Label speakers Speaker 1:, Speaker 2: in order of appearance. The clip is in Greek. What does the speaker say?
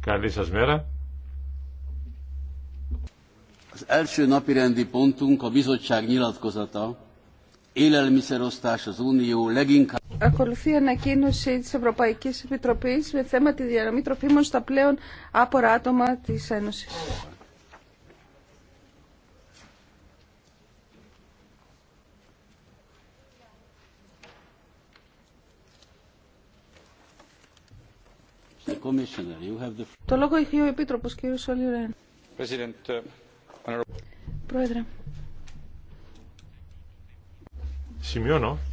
Speaker 1: Καλή
Speaker 2: σας μέρα.
Speaker 3: Ακολουθεί ανακοίνωση της Ευρωπαϊκής Επιτροπής με θέμα τη διανομή τροφίμων στα πλέον άπορα άτομα της Ένωσης.
Speaker 4: Το λόγο έχει ο Επίτροπος, κύριο Σολιρέν.
Speaker 5: Uh,
Speaker 4: Πρόεδρε. Σημειώνω